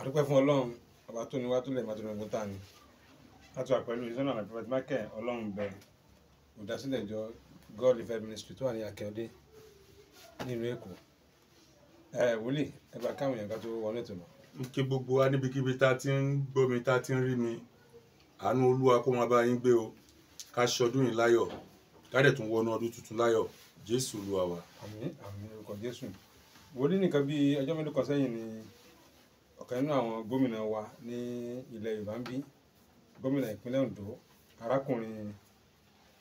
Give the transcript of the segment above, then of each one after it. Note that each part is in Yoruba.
àdúpẹ́ fún ọlọ́run ọba tó ní wá tó lè má tó ní ogun tá ni láti wà pẹ̀lú ìsọ́nà àmì prophet michael ọlọ́run bẹ̀ olùdásílẹ̀ ìjọ god life ministry tó wà ní akẹ́ọ̀dé nílùú èkó ẹ wòlíì ẹ bá káwọn èèyàn ká tó wọlé tó lọ. kí gbogbo wa níbikíbi tá a ti ń gbọ́ mi tá a ti ń rí mi àánú olúwa kó máa bá yín gbé o ká ṣọdún yìí láyọ̀ ká dẹ̀ tún wọnú ọdún tuntun láyọ̀ jésù olúwa wa. àmín àmín orúkọ jésù wòlíì ni ọ̀kan nínú àwọn gómìnà wa ní ilẹ̀ Yorùbá ń bí gómìnà ìpínlẹ̀ Ondo arákùnrin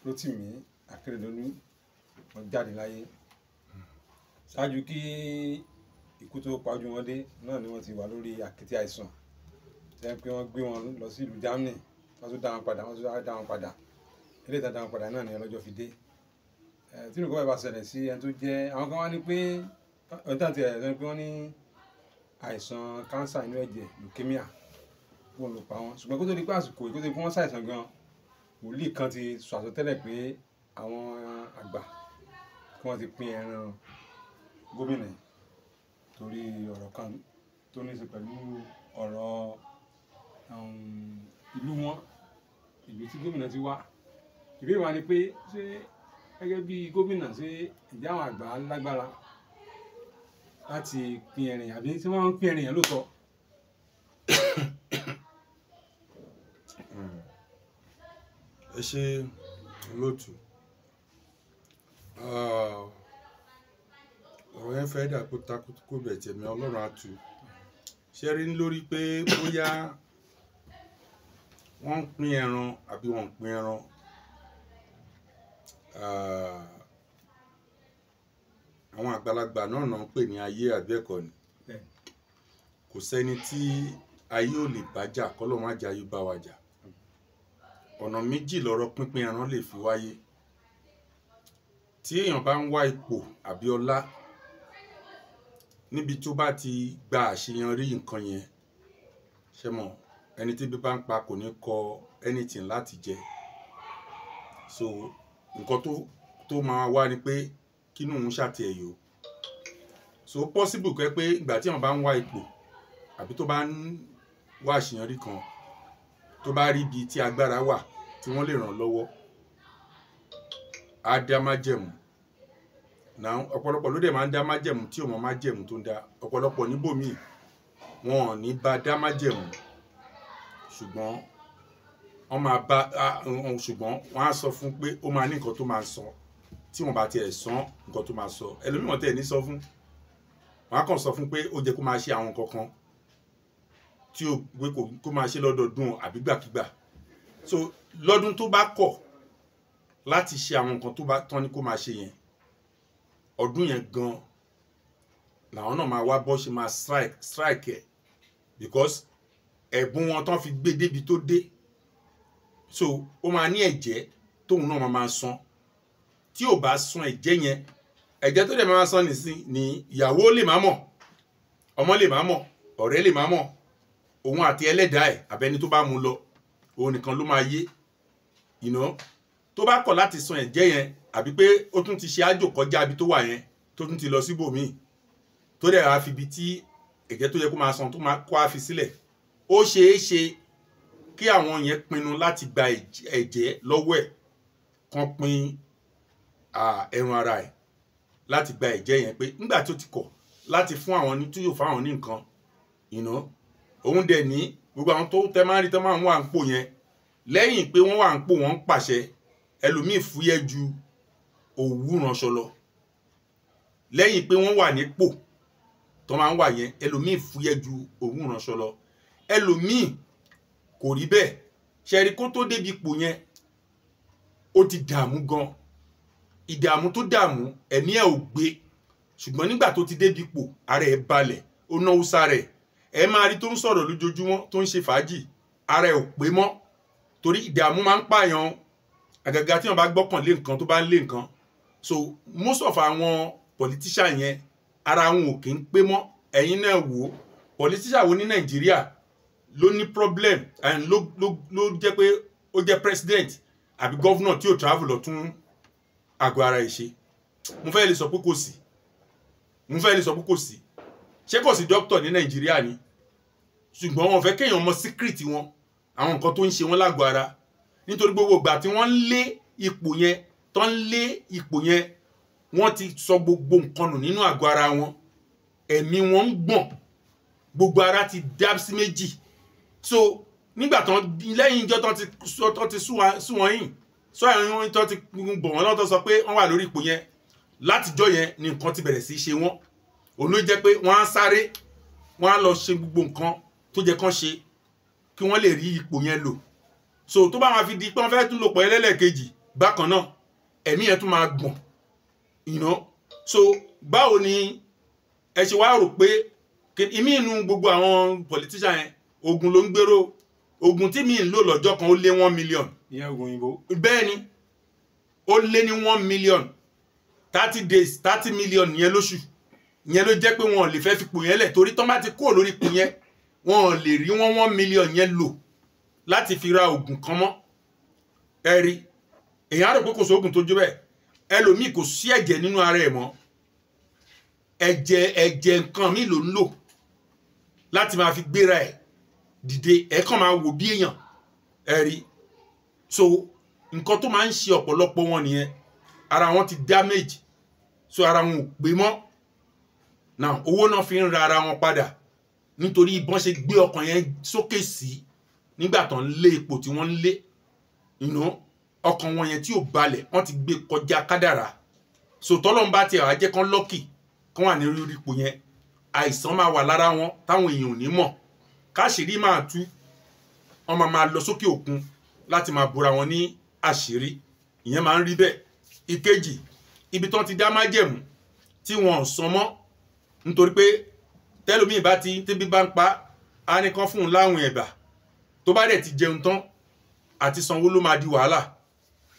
Rotimi Akeredolu wọ́n jáde láyé ṣáájú kí ikú tó pajú wọn dé náà ni wọ́n ti wà lórí àkéte àìsàn tẹ́ pé wọ́n gbé wọn lọ sí ìlú Germany wọ́n tún dá wọn padà wọ́n tún dá wọn padà ilé ìtajà wọn padà náà ni ọlọ́jọ́ fi dé tí nǹkan bá ṣẹlẹ̀ sí ẹni tó jẹ́ àwọn kan wá ní pé ọ̀tá tiẹ̀ sọ pé wọ́n ní àìsàn kánsà inú ẹ̀jẹ̀ leukemia wọn ló pa wọn ṣùgbọ́n kó tó di pé àsìkò kó tó di pé wọ́n ṣàìsàn gan wòlíì kan ti sọ àsọtẹ́lẹ̀ pé àwọn àgbà kí wọ́n ti pín ẹran gómìnà torí ọ̀rọ̀ kan tó ní í ṣe pẹ̀lú ọ̀rọ̀ um, ìlú wọn ìlú tí gómìnà ti wá ìbéèrè wa ni pé ṣé gẹ́gẹ́ bí gómìnà ṣe ìdí àwọn àgbà lágbára láti pín ẹrin àbí tí wọ́n ń pín ẹrin yẹn lóòótọ́. ẹ ṣe olóòtú ah, ọ̀rọ̀ yẹn fẹ́ dà takótókó bẹ̀ tẹ̀mí ọlọ́run á ṣe rí lórí pé bóyá wọ́n ń pín ẹran àbí wọ́n ń pín ẹran. Uh, àwọn àgbàlagbà náà náà ń pè ní ayé àbẹ́ẹ̀kọ́ ni kò sẹ́ni tí ayé ò lè bá jà kọ́lọ́mọ àjà yóò bá wa jà ọ̀nà méjì lọ́rọ̀ pínpín ẹran lè fi wáyé tí èèyàn bá ń wá ipò àbí ọlá níbi tó bá ti gba àṣeyọrí nǹkan yẹn ṣe mọ ẹni tí bí bá ń pa kò ní kọ anything láti jẹ so nǹkan tó tó máa wá ni pé kí inú òun ṣàti ẹ̀yọ so possible kẹ́ pé ìgbà tí èèyàn bá ń wá ipò àbí tó bá ń wá àṣeyọrí kan tó bá rí ibi tí agbára wà tí wọ́n lè ràn lọ́wọ́ á dá májẹ̀mú náà ọ̀pọ̀lọpọ̀ ló dẹ̀ máa ń dá májẹ̀mú tí ò mọ májẹ̀mú tó ń dá ọ̀pọ̀lọpọ̀ níbòmíì wọn ò ní bá dá májẹ̀mú ṣùgbọ́n wọ́n máa bá ṣùgbọ́n wọ́n á sọ fún pé ó máa ní nǹkan tó máa sọ. So tí wọ́n bá tiẹ̀ sán nǹkan tó máa sọ ẹlòmíràn tẹ̀ ní sọ fún wọn á kàn sọ fún pé ó jẹ́ kó máa ṣe àwọn nǹkan kan tí ó pé kó máa ṣe lọ́dọọdún àbígbàkígbà so lọ́dún tó bá kọ̀ láti ṣe àwọn nǹkan tó bá tán ni kó máa ṣe yẹn ọdún yẹn gan làwọn náà máa wá bọ́ ṣe máa strike strike ẹ̀ because ẹ̀bùn wọn tán fi gbé débi tó dé so ó máa ní ẹ̀jẹ̀ tóun náà máa máa san tí ò bá sun ẹ̀jẹ̀ yẹn ẹ̀jẹ̀ tó dẹ̀ máa sọ nìsín ni ìyàwó lè má mọ̀ ọmọ lè má mọ̀ ọ̀rẹ́ lè má mọ̀ òun àti ẹlẹ́dàá ẹ̀ àbẹ́ni tó bá mu lọ òun nìkan ló máa yé ìná tó bá kọ̀ láti sun ẹ̀jẹ̀ yẹn àbí pé ó tún ti ṣe àjò kọjá ibi tó wà yẹn tó tún ti lọ síbòmíì tó dẹ̀ á fi ibi tí ẹ̀jẹ̀ tó yẹ kó máa san tó máa kó á fi sílẹ̀ ó ṣeé ṣe kí àwọn yẹn pinnu láti gba ẹ̀jẹ̀ lọ́wọ́ ẹ̀ kan pin ẹran ara ẹ̀ láti gba ẹ̀jẹ̀ yẹn pé nígbà tó ti kọ̀ láti fún àwọn ní tí yóò fáwọn ní nǹkan ìná òun dẹ̀ ní gbogbo àwọn tó tẹ máa ń rí tẹ máa ń wà ń pò yẹn lẹ́yìn pé wọ́n wà ń pò wọ́n ń pàṣẹ ẹlòmíì fúyẹ́ ju òwú ránṣọ lọ lẹ́yìn pé wọ́n wà nípò tó máa ń wà yẹn ẹlòmíì fúyẹ́ ju òwú lọ ẹlòmíì kò rí bẹ́ẹ̀ ṣẹ̀rí kó tó débi ipò yẹn ó ti dààmú gan ìdààmú tó dààmú ẹ̀mí ẹ̀ ò gbé ṣùgbọ́n nígbà tó ti débipò ara ẹ̀ balẹ̀ ó náwó sára ẹ̀ ẹ̀ máa rí tó ń sọ̀rọ̀ lójoojúmọ́ tó ń ṣe fàájì ara ẹ̀ ò pé mọ́ torí ìdààmú máa ń pààyàn àgàgà tí wọn bá gbọ́kàn lé nǹkan tó bá ń lé nǹkan so most of àwọn politician yẹn ara wọn ò kì í pé mọ́ ẹ̀yin náà wò ó politician wo ní Nàìjíríà ló ní problem and ló ló ló jẹ́ pé ó jẹ́ president àbí governor tí ò travel lọ tún àgọ́ ara ìṣe mo fẹ́ lè sọ pé kò sí mo fẹ́ lè sọ pé kò sí ṣé kò sí dókítà ní nàìjíríà ni ṣùgbọ́n wọn fẹ́ kéèyàn mọ síkírìtì wọn àwọn nǹkan tó ń ṣe wọn lágọ̀ọ́ ara nítorí gbogbo ìgbà tí wọ́n ń lé ipò yẹn tó ń lé ipò yẹn wọ́n ti sọ gbogbo nǹkan nù nínú àgọ́ ara wọn ẹ̀mí wọn ń gbọ̀n gbogbo ara ti dá sí méjì so nígbà tán lẹ́yìn ìjọ tán ti sún wọn yìn so àwọn ohun tó ti bọ̀ wọ́n lọ́tọ̀ sọ pé wọ́n wà lórí ipò yẹn látijọ́ yẹn ni nǹkan ti bẹ̀rẹ̀ sí í ṣe wọ́n òun ló jẹ́ pé wọ́n á sáré wọ́n á lọ ṣe gbogbo nǹkan tó jẹ́ kán ṣe kí wọ́n lè rí ipò yẹn lò so tó bá máa fi di pé wọ́n fẹ́ tún lò pọ̀ ẹlẹ́lẹ́kejì bákan náà ẹ̀mí yẹn tún máa gbọ̀n you know so báwo ni ẹ ṣe wá rò pé ìmí inú gbogbo àwọn politician yẹn ogun ló ń gbèrò ogun tí mi ń lò lọ́jọ́ kan ó lé one million ìyẹn oògùn òyìnbó bẹ́ẹ̀ ni ó lé ní one million thirty days thirty million yẹn lóṣù yẹn ló jẹ́ pé wọn ò lè fẹ́ fi ipò yẹn lẹ̀ torí tán bá ti kúrò lórí ipò yẹn wọn lè rí wọn one million yẹn lò láti fi ra oògùn kan mọ́ ẹ rí èèyàn á rò pé kò sóògùn tó jó bẹ́ẹ̀ ẹlòmíì kò sí ẹ̀jẹ̀ nínú ara ẹ̀ mọ́ ẹ̀jẹ̀ ẹ̀jẹ̀ nǹkan mi ló ń lò láti máa fi gbéra ẹ̀ dìde ẹ̀ kàn máa wò bí èèyàn ẹ so nǹkan tó máa ń ṣe ọ̀pọ̀lọpọ̀ wọn nìyẹn ara wọn ti damage so ara wọn ò pé mọ́ now owó náà fi ń ra ara wọn padà nítorí bọ́n ṣe gbé ọkàn yẹn sókè sí nígbà tó ń lé ipò tí wọ́n ń lé ìná ọkàn wọn yẹn tí ò balẹ̀ wọ́n ti gbé kọjá kádàrà so tọ́lọ́n bá tiẹ̀ wá jẹ́ kán lọ́kì kán wà ní rírí ipò yẹn àìsàn máa wà lára wọn táwọn èèyàn ò ní mọ̀ káṣírí máa tú wọn máa máa lọ sókè òkun láti máa búra wọn ní àṣírí ìyẹn máa ń rí bẹ́ẹ̀ ìkejì ibi tán ti dá májẹ̀mú tí wọn sọ mọ́ nítorí pé tẹ́lómi ìbá ti tíbi bá ń pa á ní kán fún un láwìn ẹ̀bà tó bá dẹ̀ ti jẹun tán àti sanwó ló máa di wàhálà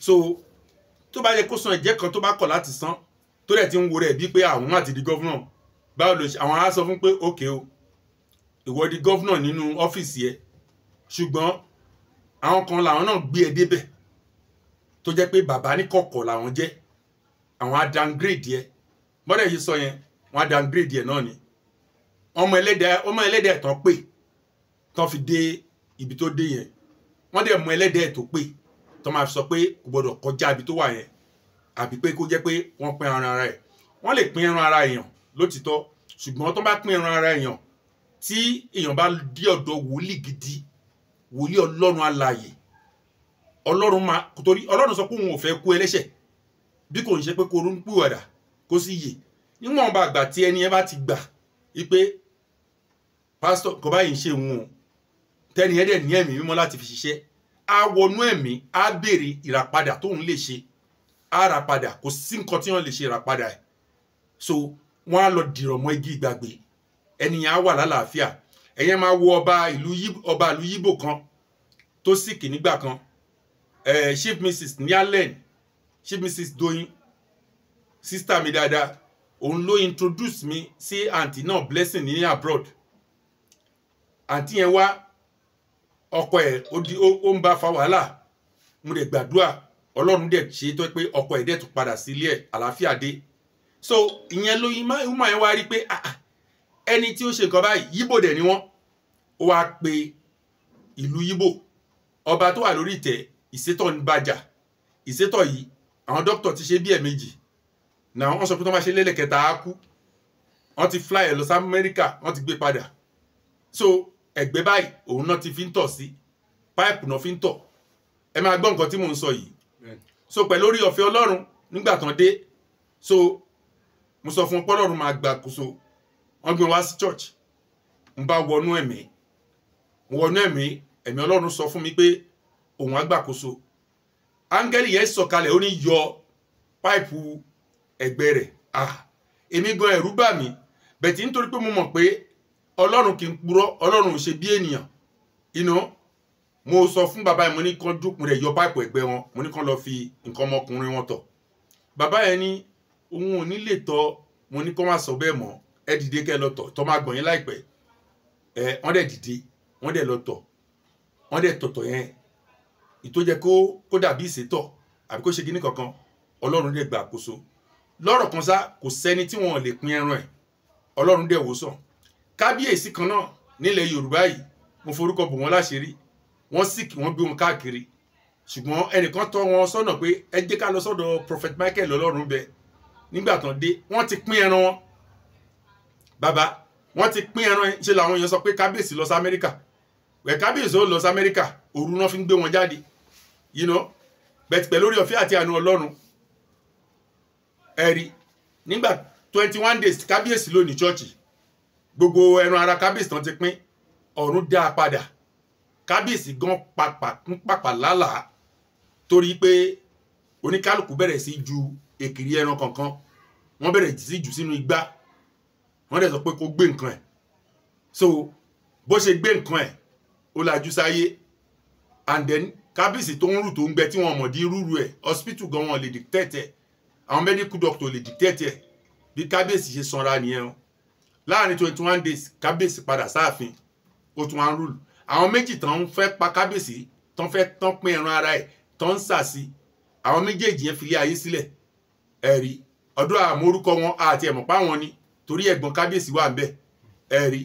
so tó bá yẹ kó san ẹ̀jẹ̀ kan tó bá kọ̀ láti san tó dẹ̀ ti ń wo rẹ̀ bíi pé àwọn àti di gọ́vnà báwo ló ṣe àwọn á sọ fún pé òkè o ìwọ di gọ́vnà nínú ọ́fíìsì ẹ ṣùgbọ́n àwọn kan làwọn náà gbé ẹ débẹ̀ tó jẹ́ pé bàbá ní kọ̀kọ̀ làwọn jẹ́ àwọn á downgrade ẹ bọ́dẹ̀ yìí sọ yẹn wọ́n á downgrade ẹ náà ni ọmọ ẹlẹ́dẹ̀ ọmọ ẹlẹ́dẹ̀ tán pè tán fi dé ibi tó dé yẹn wọ́n dẹ̀ mọ ẹlẹ́dẹ̀ tó pè tán máa sọ pé kò gbọ́dọ̀ kọjá ibi tó wà yẹn àbí pé kó jẹ́ pé wọ́n pín ẹran ara ẹ̀ wọ́n lè pín ẹran ara èèyàn lótìtọ́ ṣùgbọ́n tó bá pín ẹran ara èèyàn tí èèyàn bá dé ọ̀dọ̀ wòlíì gidi wòlíì ọlọ́run alààyè ọlọ́run máa torí ọlọ́run sọ pé òun ò fẹ́ kú ẹlẹ́ṣẹ̀ bí kò ń ṣe pé kó ronú pìwàdà kó sì yè níwọ̀n bá gbà tí ẹni ẹ bá ti gbà wípé pásítọ̀ kò báyìí ń ṣe òun o tẹ́ni ẹ ní ẹ̀mí mímọ́ láti fi ṣiṣẹ́ á wọnú ẹ̀mí á béèrè ìràpadà tóun lè ṣe á ràpadà kò sí nǹkan tí wọ́n lè ṣe ìràpadà ẹ̀ so wọ́n á lọ dìrọ̀ mọ́ igi ìgbàgbé ẹni yẹn á wà lálàáfíà ẹ̀yẹn máa wo ọba ìlú ọba ìlú yíbò kan tó sìkì nígbà kan eh, chief mrs nialen chief mrs doyin sister mi dáadáa òun ló introduce mi sí àǹtí náà blessing ní abroad àǹtí yẹn wá ọkọ ẹ̀ ó ń bá fa wàhálà mo dẹ̀ gbàdúrà ọlọ́run dẹ̀ ṣe tó pé ọkọ ẹ̀ dẹ̀ tún padà sílé ẹ̀ àlàáfíà dé so ìyẹn lóyún máa ń wá rí pé ẹni tí ó ṣe nǹkan báyìí yíbò dẹ̀ ni wọ́n ó wá pe ìlú Yíbò ọba tó wà lórí ìtẹ́ ìsétọ̀ ń bàjà ìsétọ̀ yìí àwọn dókítà ti ṣe bí ẹ̀ẹ̀mejì náà wọ́n sọ pé tó máa ṣe lẹ́lẹ̀kẹta á kú wọ́n ti fly ẹ̀ lọ sí Amẹ́ríkà wọ́n ti gbé padà so ẹ̀gbẹ́ báyìí òun náà ti fi ń tọ̀ sí páìpù náà fi ń tọ̀ ẹ máa gbọ́ nǹkan tí mò ń sọ yìí so pẹ̀lú orí ọ̀fẹ́ Ọlọ́run nígbà tán dé so mo sọ fún ọpọlọ́run máa gbàkóso wọ́n gbé wá sí church ń bá wọnú ẹ̀mí mo wọnú ẹ̀mí ẹ̀mí ọlọ́run sọ fún mi pé òun á gbàkóso áńgẹ́lì yẹn sọ̀kalẹ̀ ó ní yọ páìpù ẹ̀gbẹ́ rẹ̀ ah èmi gan ẹ̀rú bà mí bẹ̀tì nítorí pé mo mọ̀ pé ọlọ́run kì í purọ́ ọlọ́run ò ṣe bí ènìyàn iná mo sọ fún bàbá yẹn mo ní kán dúpin rẹ̀ yọ páìpù ẹ̀gbẹ́ wọn mo ní kán lọ fi nǹkan ọmọkùnrin wọn tọ̀ bàbá yẹn ní òun ò lè tọ̀ mo ní kán má sọ bẹ́ẹ̀ mọ́ ẹ dìde kẹ́ lọ tọ̀ tọ́ máa gbọ̀n yín ẹ wọ́n dẹ̀ dìde wọ́n dẹ̀ lọ tọ̀ wọ́n dẹ̀ tọ̀tọ̀ yẹn ìtòjẹ́ kó kó dàbí ìsétọ̀ àbí kó ṣe kíní kankan ọlọ́run dẹ̀ gbà àkóso lọ́rọ̀ kan sá kò sẹ́ni tí wọ́n lè pin ẹran ẹ̀ ọlọ́run dẹ̀ wò sàn kábíyèsí kan náà nílẹ̀ yorùbá yìí mo forúkọ bò wọ́n láṣìírí wọ́n sì kí wọ́n gbé wọn káàkiri ṣùgbọ́n ẹnìkan tọ́ wọn sọ́nà pé ẹ jẹ́ ká lọ sọ́dọ̀ prophet michael ọlọ́run bẹ nígbà tán dé wọ́n ti pín ẹran wọn bàbá wọ́n ti pín ẹran ṣe làwọn èèyàn sọ pé kábíyèsí lọ sí amẹ́ríkà kábíyèsí ó lọ sí amẹ́ríkà òru náà fi ń gbé wọn jáde yìí ná bẹ̀tì pẹ̀lú orí ọ̀fẹ́ àti àánú ọlọ́run ẹ̀rí nígbà twenty one days kábíyèsí ló ní chọ́ọ̀chì gbogbo ẹran ara kábíyèsí tán ti pín ọ̀run dá a padà kábíyèsí gan pàpà kún pàpà lálàá torí pé oníkálukú bẹ̀rẹ̀ sí ju èkìrí ẹran kankan wọ́n bẹ̀rẹ̀ sí jù sínú igbá wọ́n dẹ̀ sọ pé kó gbé nǹkan ẹ̀ so bó ṣe gbé nǹkan ẹ̀ ó lajú sáyé and then kábíyèsí tó ń rù tó ń gbẹ tí wọn mọ̀ di rúru ẹ̀ hospital gan wọn lè dictate ẹ̀ àwọn medical doctor lè dictate ẹ̀ bí kábíyèsí ṣe sanra nìyẹn o láàrin twenty one days kábíyèsí padà sáàfin ó tún wá ń rúlu àwọn méjì tán fẹ́ pa kábíyèsí tán fẹ́ tán pín ẹran ara ẹ̀ tán ń sà sí àwọn méjèèjì yẹn fi lé ayé sílẹ̀ ẹ̀rí ọdún àmórúkọ wọn àti ẹ̀mọ̀pá wọn ni torí ẹ̀gbọ́n kábíyèsí wà ń bẹ̀ ẹ̀rí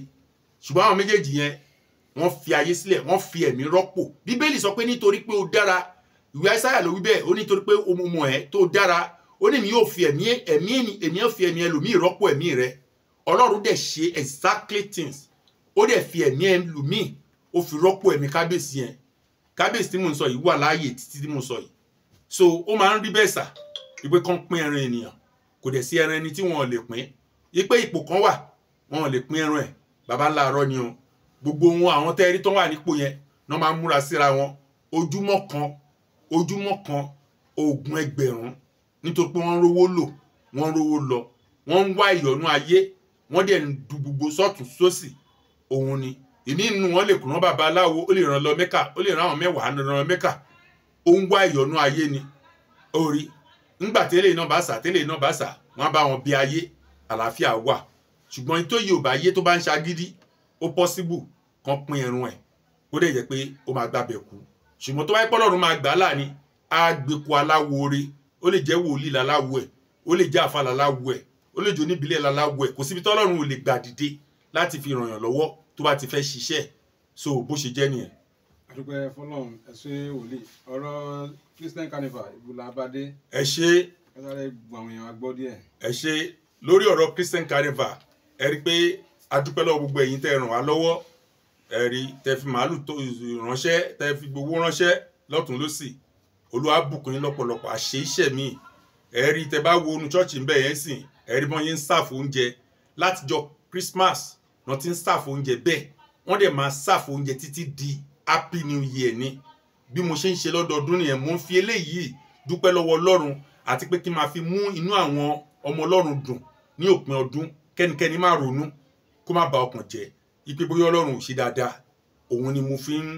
ṣùgbọ́n àwọn méjèèjì yẹn wọ́n fi ayé sílẹ̀ wọ́n fi ẹ̀mí rọ́pò bíbélì sọ pé nítorí pé o dára ìwé àìsáyà ló wí bẹ́ẹ̀ ó nítorí pé o mọ̀ ẹ́ tó dára ó ní mi yóò fi ẹ̀mí ẹ̀mí ènìyàn fi ẹ̀mí ẹlòmíì rọ́pò ẹ̀mí rẹ ọlọ́run dẹ̀ ṣe exactly things ó dẹ̀ fi ẹ̀mí ẹlòmíì ó fi rọ́pò ẹ̀mí kábíyèsí yẹn kábíyèsí tí mò ń sọ yìí wà láàyè títí tí mò ń sọ yìí so ó máa ń rí bẹ́ẹ̀ sà ìpè kan pín ẹran ènìyàn kò dẹ̀ sí ẹran ẹni tí wọn ò lè pín ìpè ipò kan wà wọn ò lè pín ẹran ẹ̀ baba ńlá arọ́ ni o gbogbo wọn àwọn tẹ́rí tó wà nípò yẹn náà máa múra síra wọn ojúmọ́ kan ojúmọ́ kan oògùn ẹgbẹ̀rún nítorí pé wọ́n rówó lò wọ́n rówó lọ wọ́n ń wá ìyọ̀nú ayé wọ́n dẹ̀ ń du gbogbo sọ́ọ̀tún sósì òun ni ìní inú wọn lè kùnà bàbá aláwo ó lè ràn lọ mẹ́kà ó lè ràn àwọn mẹ́wàá ràn mẹ́kà ó ń wá ìyọ̀nú ayé ni orí ńgbà tẹ́lẹ̀ iná bá sà tẹ́lẹ̀ iná bá sà wọ́n á bá wọn bí ayé àlàáfíà wà ṣùgbọ́n tó yìí ò bá yé tó bá ń ṣagídí ó pọ́síbù kan pin ẹ̀rùn ẹ̀ ó dẹ̀ jẹ́ pé ó máa gbàbẹ̀ kú ṣùgbọ́n tó bá pẹ́ lọ́run máa gbà á láàní á gbé ku aláwo ore ó lè jẹ́ wòlíì láláwo ẹ̀ ó lè jẹ́ àfa láláwo ẹ̀ ó lè jẹ́ oníbílẹ̀ láláwo ẹ̀ kò síbi tọ́lọ́run ò lè gbà dìde láti fi ràn yàn lọ́wọ́ tó bá ti fẹ́ ṣiṣẹ́ so bó ṣe jẹ́ nìyẹn. àdúpẹ́ fọlọ́run ẹ ṣe wòlíì ọ̀rọ̀ Christian Carnival ìbúlá abadé. ẹ ṣe ẹ ṣe lórí ọ̀rọ̀ Christian Carnival ẹ rí pé adúpẹ́ lọ́wọ́ gbogbo ẹ̀yin tẹ́ ràn wá lọ́wọ́ ẹ̀rí tẹ́ fi màálù tó ránṣẹ́ tẹ́ fi gbowó ránṣẹ́ lọ́tún lọ́sì olúwa bùkún yín lọ́pọ̀lọpọ̀ àṣẹ iṣẹ́ mi ẹ̀rí tẹ́ bá wo onu chọ́ọ̀chì ń bẹ̀ yẹn sìn ẹ̀rí bọ́n yín ń sàfù oúnjẹ látijọ́ Christmas wọn ti ń sàfù oúnjẹ bẹ́ẹ̀ wọ́n dẹ̀ máa sàfù oúnjẹ títí di happy new year ni bí mo ṣe ń ṣe lọ́dọọdún nìyẹn mo ń fi eléyìí dúpẹ́ lọ́wọ́ ọlọ́run àti pé kí n máa fi mú inú àwọn ọmọ ọlọ́run dùn ní òpin ọdún kẹ́nikẹ́ni máa ronú kó má ba ọkàn jẹ́ ipe bóyá ọlọ́run ò ṣe dáadáa òun ni mo fi ń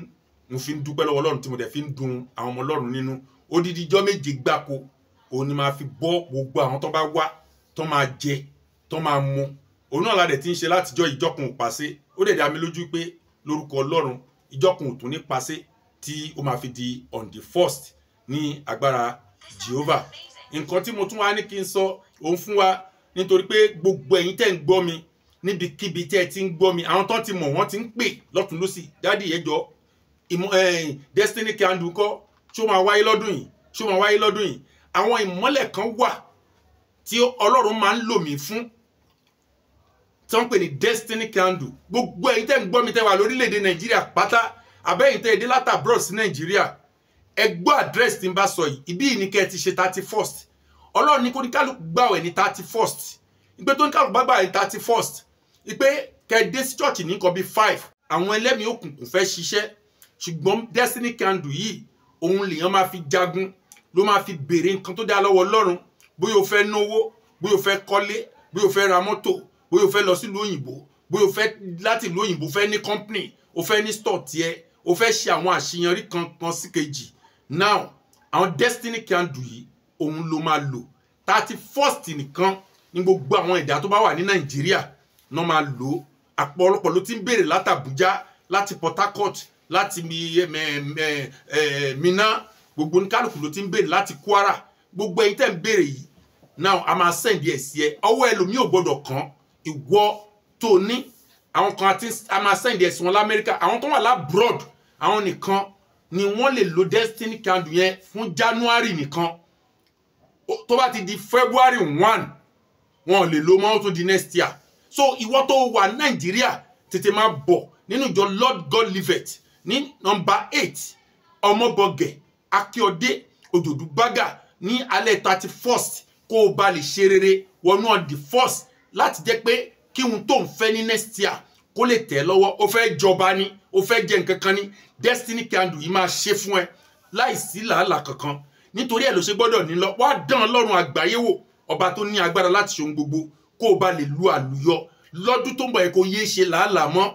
mo fi ń dúpẹ́ lọ́wọ́ ọlọ́run tí mo dẹ̀ fi ń dun àwọn ọmọ ọlọ́run nínú odidi ijọ́ méje gbáko òun ni máa fi bọ́ gbogbo àwọn tó bá wá tó máa jẹ tó máa mu òun náà ládẹ̀ tí ń ṣe látijọ́ ìjọkùn pàṣẹ ó dẹ̀ dá mi lójú pé lórúkọ ọlọ́run ìjọkùn òtún ní pàṣẹ tí ó máa fi di on the first ní agbára Jehovah nǹkan tí mo tún wá ní kí n sọ òun fún wa nítorí pé gbogbo ẹ̀yin tẹ́ ń gbọ́ mi níbikíbi tí ẹ ti ń gbọ́ mi àwọn tó ti mọ̀ wọ́n ti ń pè lọ́tún lọ́sì dáàdì ẹjọ́ destiny candle kọ́ ṣó máa wáyé lọ́dún yìí ṣó máa wáyé lọ́dún yìí àwọn ìmọ́lẹ̀ kan wà tí ọlọ́run máa ń lò mí fún tí wọ́n pè ní destiny candle gbogbo ẹ̀yin tẹ́ ń gbọ́ mi tẹ́ wà lórílẹ̀‐èdè nàìjíríà pátá abẹ́yìn tẹ́ èdè bros sí nàìjíríà ẹ gbọ́ àdírẹ́sì tí n bá sọ yìí ibí ni kẹ́ ẹ ti ṣe thirty first ọlọ́run ní kó ní kálukú gbàwẹ̀ ní thirty first ìgbé tó ní kálukú bá ní thirty first ipe kẹ́ẹ̀dé sí chọ́ọ̀chì ní nǹkan bíi five àwọn ẹlẹ́mìí òkùnkùn fẹ́ ṣiṣẹ́ ṣùgbọ́n destiny candle yìí òun lèèyàn máa fi jagun ló máa fi béèrè nǹkan tó dáa lọ́wọ́ ọlọ́run bóyá o fẹ́ náwó bóyá o fẹ́ kọ́lé bóyá o fẹ́ ra mọ́tò bóyá o fẹ́ lọ sílùú òyìnbó bóyá o fẹ́ láti ìlú òyìnbó fẹ́ ní company o fẹ́ ní store tiẹ̀ o fẹ́ ṣe àwọn àṣeyọrí kan kan sí kejì now àwọn destiny candle yìí òun ló máa lò thirty first nìkan ní gbogbo àwọn ẹ̀dá tó bá wà ní nàìjíríà náà máa lò ó àpọ̀ ọlọ́pọ̀ ló ti ń béèrè láti Àbújá láti Port Harcourt láti eh, Minna gbogbo oníkálukú ló ti ń béèrè láti Kwara gbogbo ẹ̀yin tẹ́ ń béèrè yìí now a máa send ẹ̀ sí ẹ ọwọ́ ẹlòmíì ò gbọ́dọ̀ kàn ìwọ tó ní àwọn kan a máa send ẹ̀ sí wọn l'Amẹ́ríkà àwọn tó wà lábroad àwọn nìkan ni wọ́n lè lo destiny candle yẹn fún January nìkan tó bá ti di February one wọn ò lè lo mọ́ di next year so ìwọ tó wà nàìjíríà tètè máa bọ̀ nínú ìjọ lord god livet ní nọmba eight ọmọbọgẹ akíọdé òjòdú bágà ní alẹ́ thirty first kó o bá lè ṣe rere wọnú ọdí first láti jẹ́ pé kí n tó ń fẹ́ ní next year kó lè tẹ̀ lọ́wọ́ o fẹ́ jọba ni o fẹ́ jẹ nǹkan kan ni destiny candle yìí máa ṣe fún ẹ láìsí làálàá kankan nítorí ẹ ló ṣe gbọ́dọ̀ nílọ wá dán ọlọ́run àgbáyé wò ọba tó ní agbára láti ṣe ohun gbogbo kó o bá lè lu àlùyọ lọ́dún tó ń bọ̀ yẹ kó yéé e ṣe làálàá mọ́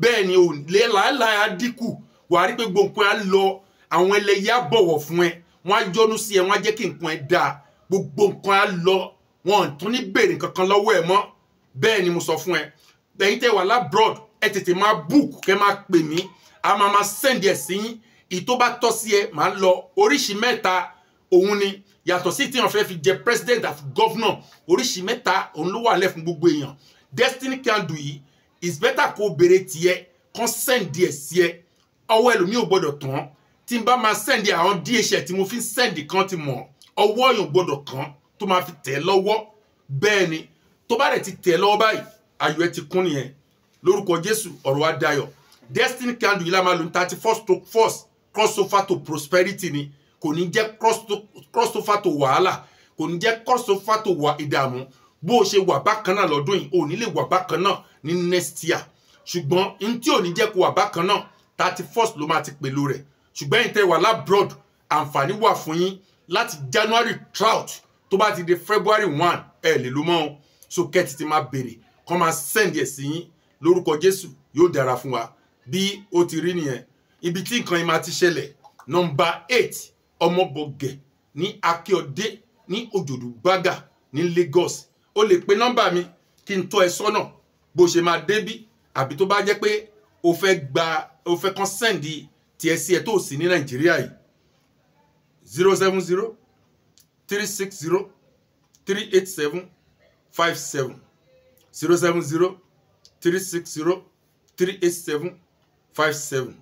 bẹ́ẹ̀ ni ò lè làálàá á dínkù wàá rí pé gbogbo á lọ àwọn ẹlẹ́yà bọ̀wọ̀ fún ẹ wọ́n á yọ́nú sí ẹ wọ́n á jẹ́ kí nǹkan ẹ dáa gbogbo nǹkan á lọ wọn ò tún ní béèrè kankan lọ́wọ́ ẹ mọ́ bẹ́ẹ̀ ni mo sọ fún ẹ ẹ̀yin tẹ́ wà lábroad ẹ tètè máa book kẹ́ máa pè mí a máa máa send ẹ̀ sí yín ìtó bá tọ́ sí ẹ máa lọ oríṣi mẹ́ta òun ni yàtọ̀ sí tí wọ́n fẹ́ fi jẹ president àti governor oríṣi mẹ́ta òun ló wà lẹ́fún gbogbo èèyàn destiny can do yìí is better kó o béèrè tiẹ̀ kan send díẹ̀ sí ẹ ọwọ́ ẹlòmíì ò gbọ́dọ̀ tán tí n bá máa send àwọn dhl tí mo fi send kan ti mọ̀ ọwọ́ èèyàn gbọ́dọ̀ kan tó máa fi tẹ̀ lọ́wọ́ bẹ́ẹ̀ ni tó bá rẹ̀ ti tẹ̀ lọ́wọ́ báyìí ayọ̀ ẹ ti kún nìyẹn lórúkọ jésù ọ̀rọ̀ wa dayọ̀ destiny can do yìí la máa lò ní thirty first to first crossover to prosperity ni kò ní jẹ́ crossover tó wàhálà kò ní jẹ́ crossover tó wà ìdààmú bó o ṣe wà bákan náà lọ́dún yìí ò ní lè wà bákan náà ní next year ṣùgbọ́n n tí ò ní jẹ́ kó wà bákan náà thirty first ló máa ti pèlò rẹ̀ ṣùgbọ́n ìtẹ́ wà lábroad àǹfààní wà fún yín láti january trout tó bá ti di february one ẹ lè ló mọ́ o so kẹ́ẹ̀tì ti máa bèrè kọ́ máa send ẹ̀ sí yín lórúkọ jésù yóò dára fún wa bí ó ti rí nìyẹn ibi tí nǹkan yìí máa ti ṣẹlẹ̀ nọmba eight ọmọbọ̀gẹ̀ ní akíọdé ní òjòdù bágà ní Lagos o lè pe nọ́mbà mi kí n tọ́ ẹ sọ́nà bó ṣe máa débí àbí tó bá jẹ́ pé o fẹ́ gba o fẹ́ kan sẹ́ǹdì sí ẹ tó sì ní Nàìjíríà yìí zero seven zero three six zero three eight seven five seven zero seven zero three six zero three eight seven five seven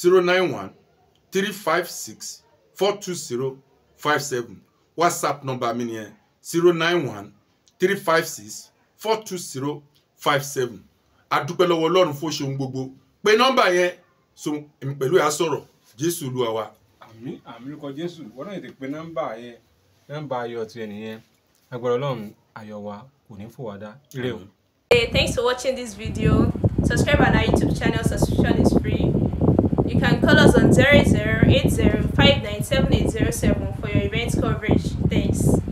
zero nine one three five six four two zero five seven whatsapp number mi nìyẹn zero nine one three five six four two zero five seven adúpẹ́ lọ́wọ́ ọlọ́run fún ṣeun gbogbo pé nọ́mbà yẹn so èmi pẹ̀lú ìyá sọ̀rọ̀ jésù olúwa wa. àmín àmín lórúkọ jésù wọn náà ti pe nọ́mbà yẹn nọ́mbà ayọ̀ tiẹ̀ nìyẹn agbára ọlọ́run ayọ̀ wa kò ní fò wá dá ire o. hey thanks for watching this video subscribe on our youtube channel subscription is free can call us on 0080 for your event coverage. Thanks.